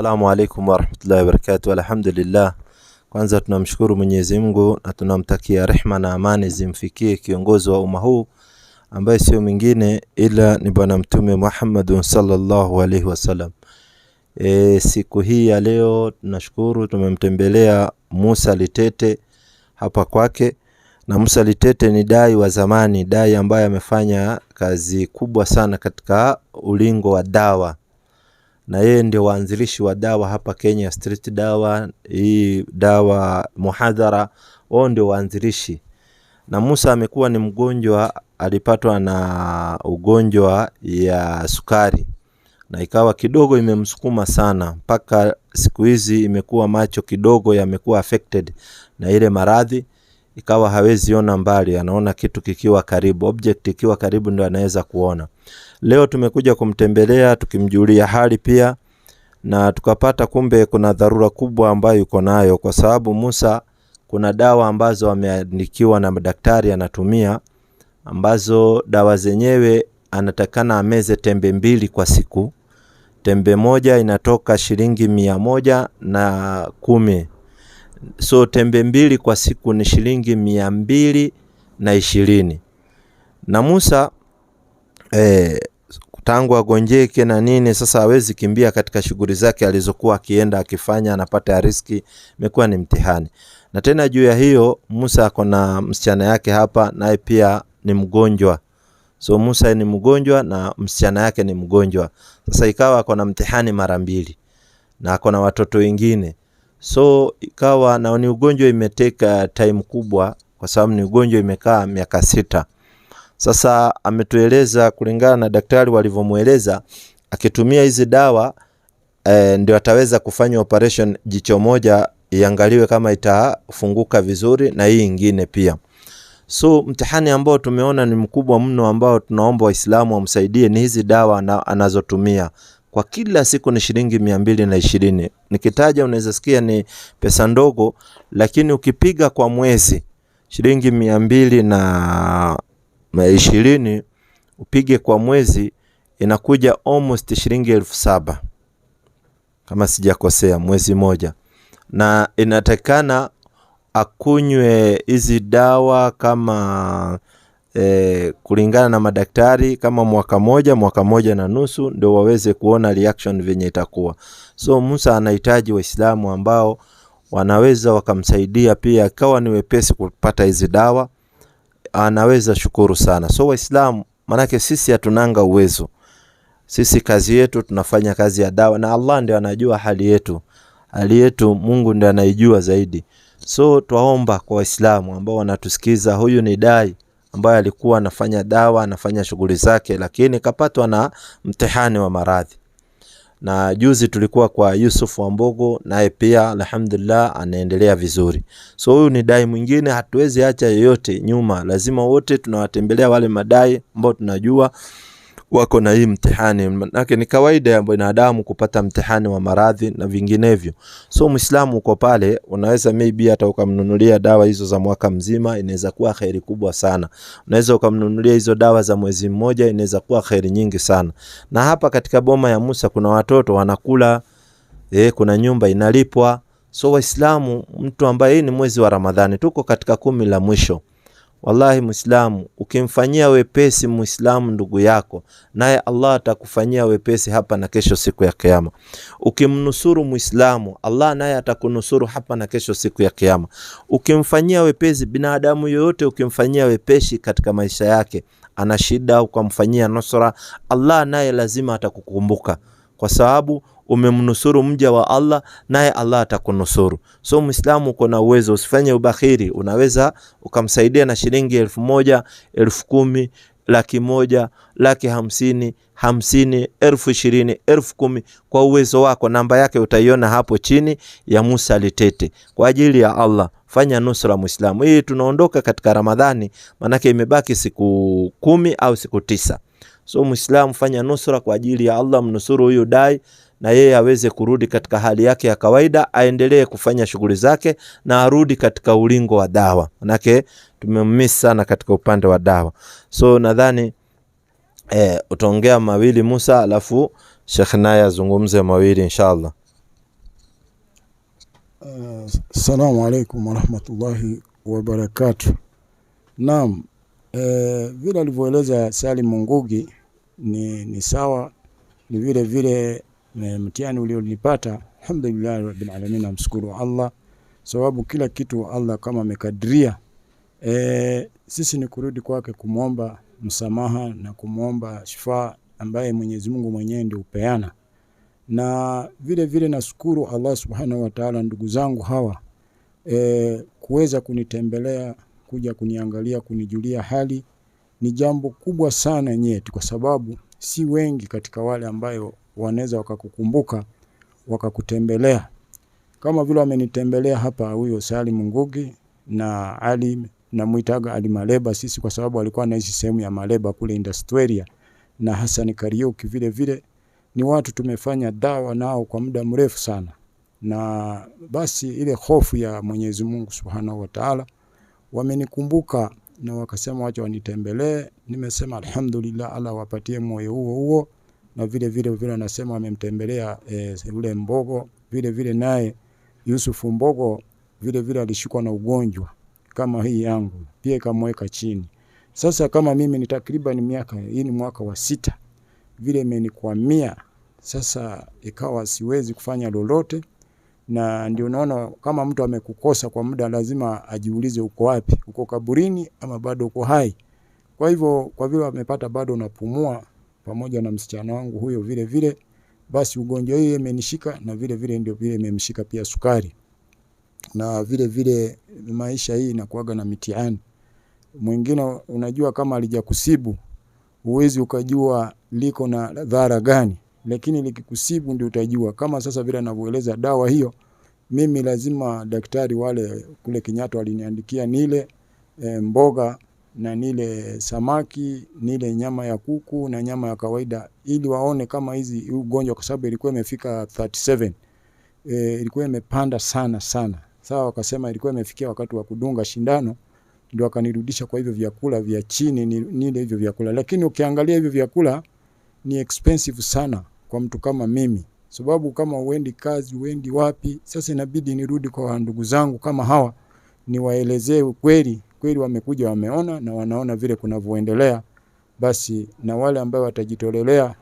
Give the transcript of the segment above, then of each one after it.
Asalamu alaikum warahmatullahi wabarakatu. Alhamdulillah, kwanza tunamshukuru Mwenyezi Mungu na tunamtakia rehma na amani zimfikie kiongozi wa umma huu ambaye sio mwingine ila ni Bwana Mtume Muhammad sallallahu alaihi wasallam. E, siku hii ya leo tunashukuru tumemtembelea Musa Litete hapa kwake, na Musa Litete ni dai wa zamani, dai ambaye amefanya kazi kubwa sana katika ulingo wa dawa na yeye ndio waanzilishi wa dawa hapa Kenya, street dawa hii, dawa muhadhara, wao ndio waanzilishi. Na Musa amekuwa ni mgonjwa, alipatwa na ugonjwa ya sukari na ikawa kidogo imemsukuma sana, mpaka siku hizi imekuwa macho kidogo yamekuwa affected na ile maradhi ikawa hawezi ona mbali, anaona kitu kikiwa karibu, object ikiwa karibu ndio anaweza kuona. Leo tumekuja kumtembelea tukimjulia hali pia na tukapata kumbe kuna dharura kubwa ambayo yuko nayo, kwa sababu Musa kuna dawa ambazo ameandikiwa na daktari anatumia, ambazo dawa zenyewe anatakana ameze tembe mbili kwa siku. Tembe moja inatoka shilingi mia moja na kumi so tembe mbili kwa siku ni shilingi mia mbili na ishirini na Musa eh, tangu agonjeke na nini sasa hawezi kimbia katika shughuli zake alizokuwa akienda akifanya anapata riski, imekuwa ni mtihani. Na tena juu ya hiyo, Musa ako na msichana yake hapa, naye pia ni mgonjwa. So Musa ni mgonjwa na msichana yake ni mgonjwa. Sasa ikawa ako na mtihani mara mbili na ako na watoto wengine so ikawa na ni ugonjwa imeteka time kubwa, kwa sababu ni ugonjwa imekaa miaka sita. Sasa ametueleza kulingana na daktari walivyomweleza, akitumia hizi dawa e, ndio ataweza kufanya operation jicho moja iangaliwe kama itafunguka vizuri na hii ingine pia. So mtihani ambao tumeona ni mkubwa mno ambao tunaomba Waislamu wamsaidie ni hizi dawa anazotumia kwa kila siku ni shilingi mia mbili na ishirini. Nikitaja unaweza sikia ni pesa ndogo, lakini ukipiga kwa mwezi shilingi mia mbili na ishirini upige kwa mwezi inakuja almost shilingi elfu saba kama sijakosea, mwezi moja, na inatakikana akunywe hizi dawa kama e, kulingana na madaktari kama mwaka moja mwaka moja na nusu ndio waweze kuona reaction venye itakuwa. So Musa anahitaji Waislamu ambao wanaweza wakamsaidia pia, akawa ni wepesi kupata hizi dawa, anaweza shukuru sana. So Waislamu, manake sisi hatunanga uwezo, sisi kazi yetu tunafanya kazi ya dawa, na Allah ndio anajua hali yetu, hali yetu Mungu ndio anaijua zaidi. So twaomba kwa Waislamu ambao wanatusikiza, huyu ni dai ambaye alikuwa anafanya dawa anafanya shughuli zake, lakini kapatwa na mtihani wa maradhi. Na juzi tulikuwa kwa Yusuf wambogo naye pia alhamdulillah anaendelea vizuri. So huyu ni dai mwingine, hatuwezi acha yeyote nyuma, lazima wote tunawatembelea wale madai ambao tunajua wako na hii mtihani, manake ni kawaida ya binadamu kupata mtihani wa maradhi na vinginevyo. So Muislamu uko pale, unaweza maybe hata ukamnunulia dawa hizo za mwaka mzima, inaweza kuwa khairi kubwa sana. Unaweza ukamnunulia hizo dawa za mwezi mmoja, inaweza kuwa khairi nyingi sana. Na hapa katika boma ya Musa kuna watoto wanakula eh, kuna nyumba inalipwa. So Waislamu, mtu ambaye ni mwezi wa Ramadhani, tuko katika kumi la mwisho Wallahi Muislamu, ukimfanyia wepesi Muislamu ndugu yako, naye Allah atakufanyia wepesi hapa na kesho siku ya Kiyama. Ukimnusuru Muislamu, Allah naye atakunusuru hapa na kesho siku ya Kiyama. Ukimfanyia wepesi binadamu yoyote, ukimfanyia wepesi katika maisha yake, ana shida, ukamfanyia nusra, Allah naye lazima atakukumbuka kwa sababu umemnusuru mja wa Allah naye Allah atakunusuru. So Muislamu, uko na uwezo, usifanye ubakhiri. Unaweza ukamsaidia na shilingi elfu moja, elfu kumi, laki moja, laki hamsini, hamsini, elfu ishirini, elfu kumi kwa uwezo wako. Namba yake utaiona hapo chini ya Musa Litete. Kwa ajili ya Allah fanya nusra Muislamu. Hii tunaondoka katika Ramadhani, manake imebaki siku kumi au siku tisa. So Muislamu, fanya nusra kwa ajili ya Allah, mnusuru huyu dai na yeye aweze kurudi katika hali yake ya kawaida, aendelee kufanya shughuli zake na arudi katika ulingo wa dawa, manake tumemmiss sana katika upande wa dawa. So nadhani eh, utaongea mawili Musa, alafu Sheikh naye azungumze mawili inshallah. Uh, assalamu alaikum warahmatullahi wabarakatuh. Naam, eh, vile alivyoeleza Salim Ngugi ni, ni sawa ni vile vile e, mtihani ulionipata. Alhamdulillah rabbil alamin, namshukuru Allah sababu kila kitu Allah kama amekadiria. E, sisi ni kurudi kwake kumwomba msamaha na kumwomba shifa ambaye Mwenyezi Mungu mwenyewe ndio upeana, na vile vile nashukuru Allah subhanahu wa ta'ala, ndugu zangu hawa e, kuweza kunitembelea kuja kuniangalia kunijulia hali ni jambo kubwa sana nyeti, kwa sababu si wengi katika wale ambayo wanaweza wakakukumbuka wakakutembelea kama vile wamenitembelea hapa huyo Salim Ngugi na Ali na Mwitaga Ali Maleba sisi, kwa sababu alikuwa anaishi sehemu ya Maleba kule Industrialia, na Hassan Kariuki vile vile ni watu tumefanya dawa nao kwa muda mrefu sana, na basi ile hofu ya Mwenyezi Mungu Subhanahu wa Ta'ala wamenikumbuka na wakasema wacha wanitembelee. Nimesema alhamdulillah, Allah wapatie moyo huo huo, na vile vile vile anasema amemtembelea eh, yule e, Mbogo vile vile naye Yusufu Mbogo vile vile alishikwa na ugonjwa kama hii yangu pia ikamweka chini. Sasa kama mimi ni takriban miaka hii ni mwaka wa sita, vile imenikwamia sasa, ikawa siwezi kufanya lolote na ndio unaona kama mtu amekukosa kwa muda, lazima ajiulize uko wapi, uko kaburini ama bado uko hai? Kwa hivyo, kwa vile amepata bado napumua pamoja na msichana wangu huyo vile vile, basi ugonjwa hiyo imenishika na vile vile ndio vile imemshika pia sukari, na vile vile maisha hii inakuaga na mitihani mwingine. Unajua, kama alijakusibu huwezi ukajua liko na dhara gani lakini likikusibu ndio utajua. Kama sasa vile anavyoeleza dawa hiyo, mimi lazima daktari wale kule Kinyato waliniandikia nile e, mboga na nile samaki, nile nyama ya kuku na nyama ya kawaida, ili waone kama hizi ugonjwa, kwa sababu ilikuwa imefika 37 e, eh, ilikuwa imepanda sana sana. Sawa, wakasema ilikuwa imefikia wakati wa kudunga shindano ndio akanirudisha kwa hivyo vyakula vya chini, nile hivyo vyakula. Lakini ukiangalia hivyo vyakula ni expensive sana kwa mtu kama mimi, sababu kama uendi kazi uendi wapi? Sasa inabidi nirudi kwa ndugu zangu kama hawa niwaelezee kweli kweli, wamekuja wameona na wanaona vile kunavyoendelea, basi na wale ambao watajitolelea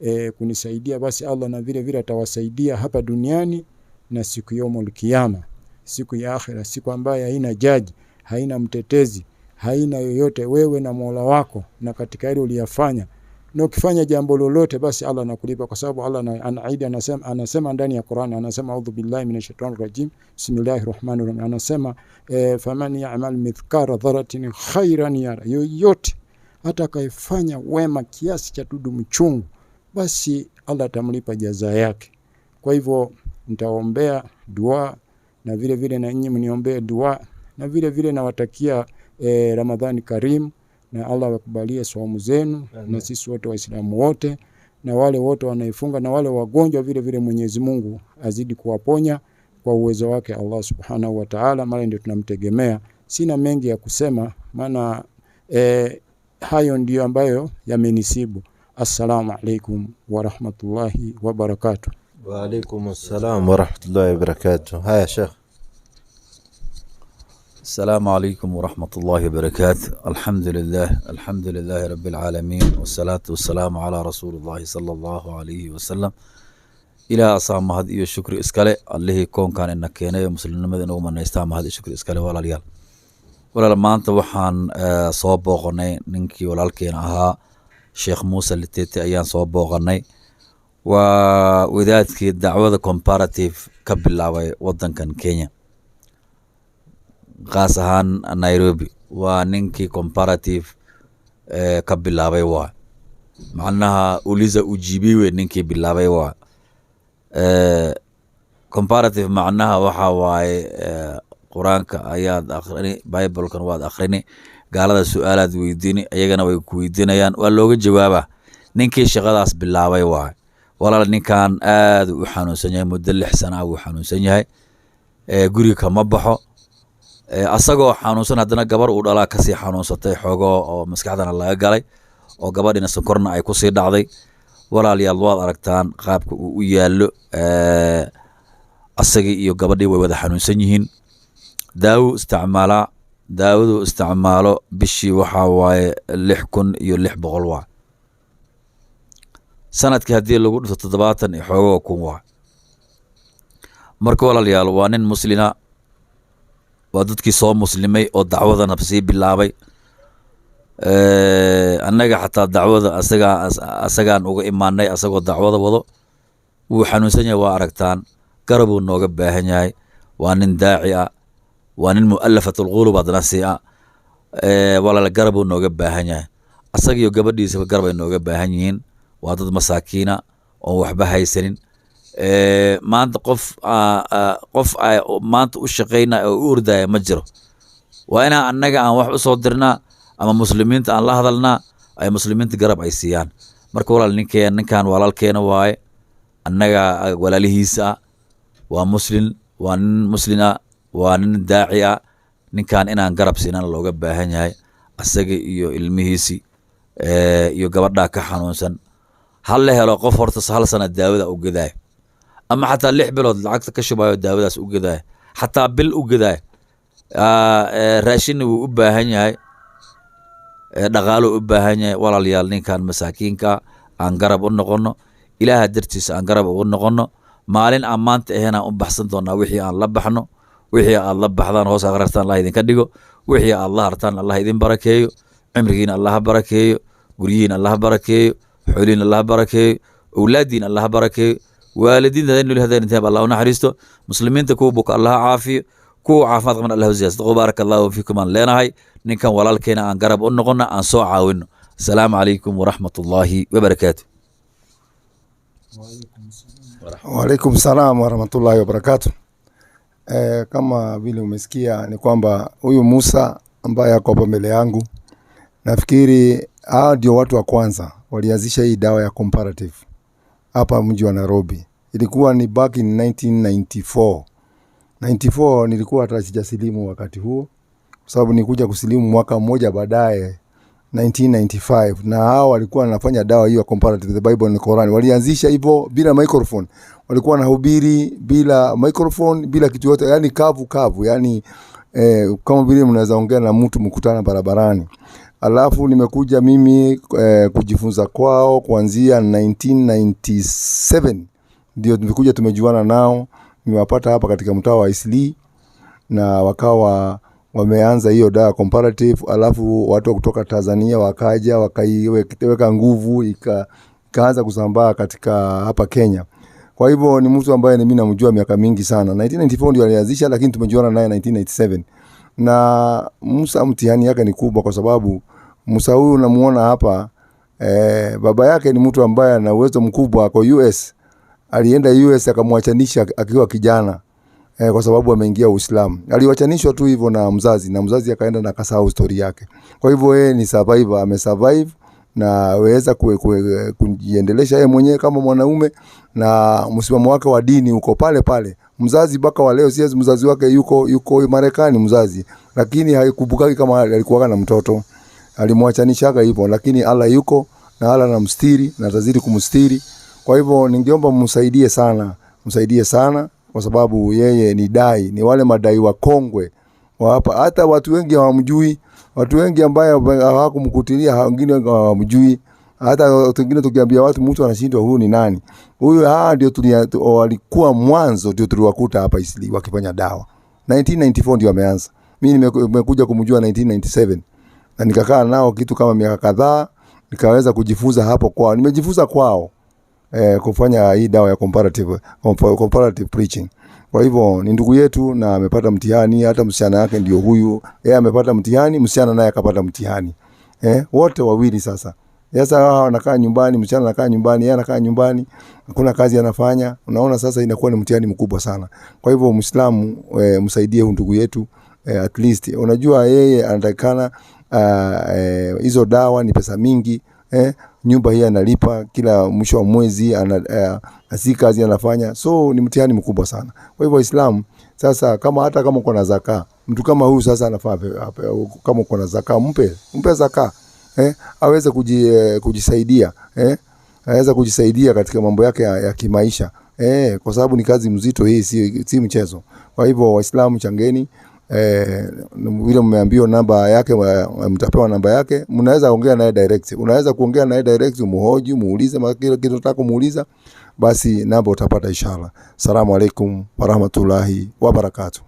e, kunisaidia basi Allah na vile vile atawasaidia hapa duniani na siku ya kiyama, siku ya akhira, siku ambayo haina jaji, haina mtetezi, haina yoyote, wewe na Mola wako na katika hilo uliyafanya na ukifanya jambo lolote basi Allah anakulipa, kwa sababu Allah na, anaidi anasema, anasema ndani ya Qur'an, anasema a'udhu billahi minashaitanir rajim bismillahir rahmanir rahim, anasema e, faman ya'mal mithqara dharratin khairan yara, yoyote hata akaifanya wema kiasi cha tudu mchungu, basi Allah atamlipa jaza yake. Kwa hivyo nitaombea dua na vile vile na nyinyi mniombee dua na vile vile nawatakia e, Ramadhani karimu na Allah wakubalie saumu zenu na sisi wote Waislamu wote na wale wote wanaifunga na wale wagonjwa vile vile, Mwenyezi Mungu azidi kuwaponya kwa uwezo wake Allah Subhanahu wa Ta'ala, mara ndio tunamtegemea. Sina mengi ya kusema, maana e, hayo ndiyo ambayo yamenisibu. Assalamu alaikum warahmatullahi wabarakatuh. Wa alaikum assalam warahmatullahi wabarakatuh. Haya Sheikh. السلام عليكم ورحمة الله وبركاته الحمد لله الحمد لله رب العالمين والصلاة والسلام على رسول الله صلى الله عليه وسلم ilaa asaa mahad iyo shukri iskale allihii koonkan ina keenay muslimnimada inagu manaystaa mahad iyo shukri iskale walaalayaal walaal maanta waxaan eh, soo booqanay ninkii walaalkeen ahaa sheekh muuse litete ayaan soo booqanay waa wadaadkii dacwada comparative ka bilaabay wadankan kenya qaas ahaan nairobi waa ninkii comparative eh, ka bilaabay waa macnaha uliza ujiibi wey ninkii bilaabay waa eh, comparative macnaha waxaa waaye eh, qur-aanka ayaad akrini bibalkan waad akrini gaalada su-aalaad weydiini iyagana way ku weydiinayaan waa looga jawaaba ninkii shaqadaas bilaabay waay walaal ninkan aad u xanuunsan yahay muddo lix sana a wuu xanuunsan yahay guri kama baxo asagoo xanuunsan haddana gabar uu dhalaa kasii xanuunsatay xoogoo oo maskaxdana laga galay oo gabadhiina sankorna ay kusii dhacday walaalyaal waad aragtaan qaabka uu u yaalo asagii iyo gabadhii way wada xanuunsan yihiin daawo isticmaalaa daawaduu isticmaalo bishii waxaa waaye lix kun iyo lix boqol waa sanadkii haddii lagu dhufto toddobaatan xoogo kun waa marka walaalyaal waa nin muslina waa dadkii soo muslimay oo dacwadana sii bilaabay annaga xataa dacwada asagaa asagaan uga imaanay asagoo dacwada wado wuu xanuunsan yahay waa aragtaan garabuu nooga baahan yahay waa nin daaci ah waa nin mu'alafat ulqulub sii ah walaale garabuu nooga baahan yahay asagiyo gabadhiisaba garbay nooga baahan yihiin waa dad masaakiina oon waxba haysanin maanta qof qof maanta u shaqaynaya oo u ordaya ma jiro waa inaa annaga aan wax usoo dirnaa ama muslimiinta aan la hadalnaa ay muslimiinta garab ay siiyaan marka walaal ninkeen ninkan walaalkeena waaye annaga walaalihiisa waa muslin waa nin muslin ah waa nin daaci ah ninkan inaan garab siinana looga baahan yahay asaga iyo ilmihiisi iyo gabadhaa ka xanuunsan hal la helo qof horta hal sana daawada u gadayo ama xataa lix bilood lacagta ka shubayo daawadaas u gadaaya xataa bil u gadaaya ah, eh, raashinna wuu u baahan yahay eh, dhaqaalou u baahan yahay walaalayaal ninkan masaakiinka aan garab u noqonno ilaaha dartiisa aan garab ugu noqonno maalin aan maanta ahayn aan u baxsan doonaa wixii aan la baxno wixii aad la baxdaan hoos aqrartaan allah idinka dhigo wixii aad la hartaan allah idin barakeeyo cimrigiin allaha barakeeyo guryihiin allaha barakeeyo xooliin allaha barakeeyo owlaadiina allaha barakeeyo waalidiinta in loli hadaan intahay ba allah u naxariisto muslimiinta kuwa buka allah caafiyo kuwa caafimaad qaban allah ziyaasdaqo baaraka allahu fiikum aan leenahay ninkan walaalkeena aan garab u noqono aan soo caawino asalaamu calaykum waraxmat ullaahi wabarakaatu waalaikum salaam warahmatullahi wabarakatu e, kama vile umesikia ni kwamba huyu Musa ambaye ako hapa mbele yangu, nafikiri hao ndio watu wa kwanza walianzisha hii dawa ya comparative hapa mji wa Nairobi. Ilikuwa ni back in 1994. 94 nilikuwa hata sijasilimu wakati huo, kwa sababu nilikuja kusilimu mwaka mmoja baadaye 1995 na hao walikuwa wanafanya dawa hiyo ya comparative the Bible na Quran. Walianzisha hivyo bila microphone, walikuwa wanahubiri bila microphone, bila kitu yote, yani kavu kavu, yani eh, kama vile mnaweza ongea na mtu mkutana barabarani alafu nimekuja mimi eh, kujifunza kwao kuanzia 1997 ndio tumekuja tumejuana nao, nimewapata hapa katika mtaa wa Isli na wakawa wameanza hiyo da comparative, alafu watu wa kutoka Tanzania wakaja wakaiweka nguvu ika, ikaanza kusambaa katika hapa Kenya. Kwa hivyo ni mtu ambaye mimi namjua miaka mingi sana. 1994 ndio alianzisha, lakini tumejuana naye 1997 na Musa mtihani yake ni kubwa kwa sababu Musa huyu unamuona hapa e, baba yake ni mtu ambaye ana uwezo mkubwa, kwa US, alienda US akamwachanisha akiwa kijana e, kwa sababu ameingia Uislamu. Aliwachanishwa tu hivyo na mzazi, na mzazi akaenda na akasahau story yake. Kwa hivyo yeye ni survivor, ame survive na aweza kujiendelesha yeye mwenyewe kama mwanaume, na msimamo wake wa dini uko pale pale. Mzazi mpaka wa leo siwezi, mzazi wake yuko yuko Marekani mzazi, lakini haikumbukaki kama alikuwa na mtoto alimwachanishaga hivyo, lakini Allah yuko na Allah anamstiri na atazidi kumstiri. Kwa hivyo ningeomba msaidie sana, msaidie sana kwa sababu yeye ni dai, ni wale madai wakongwe wa hapa. Hata watu wengi hawamjui, watu wengi ambao hawakumkutilia wengine hawamjui. Hata wengine tukiambia watu, mtu anashindwa huyu ni nani huyu? Ah, ndio walikuwa mwanzo, ndio tuliwakuta hapa Isli wakifanya dawa 1994 ndio ameanza. Mimi nimekuja kumjua 1997 na nikakaa nao kitu kama miaka kadhaa, nikaweza kujifunza hapo kwao, nimejifunza kwao eh, kufanya hii dawa ya comparative, comparative preaching. Kwa hivyo ni ndugu yetu na amepata mtihani, hata msichana yake ndio huyu, yeye amepata mtihani, msichana naye akapata mtihani eh, wote wawili sasa sasa yes, hawa wanakaa nyumbani, msichana anakaa nyumbani, yeye anakaa nyumbani, hakuna kazi anafanya. Unaona, sasa inakuwa ni mtihani mkubwa sana. Kwa hivyo Muislamu e, msaidie huyu ndugu yetu e, at least unajua yeye anatakikana Eh, hizo uh, eh, dawa ni pesa mingi eh, nyumba hii analipa kila mwisho wa mwezi ana, eh, si kazi anafanya, so ni mtihani mkubwa sana. Kwa hivyo Waislamu sasa, kama hata kama uko na zaka, mtu kama huyu sasa anafaa, kama uko na zaka mpe, mpe zaka eh, aweze kuji, eh, kujisaidia eh, aweze kujisaidia katika mambo yake ya, ya kimaisha eh, kwa sababu ni kazi mzito hii, si, si mchezo. Kwa hivyo Waislamu changeni eh, vile mmeambiwa namba yake, mtapewa namba yake, mnaweza ongea naye direct. Unaweza kuongea naye direct, muhoji, muulize kile kitu unataka kumuuliza, basi namba utapata ishara. Salamu alaikum warahmatullahi wabarakatuh.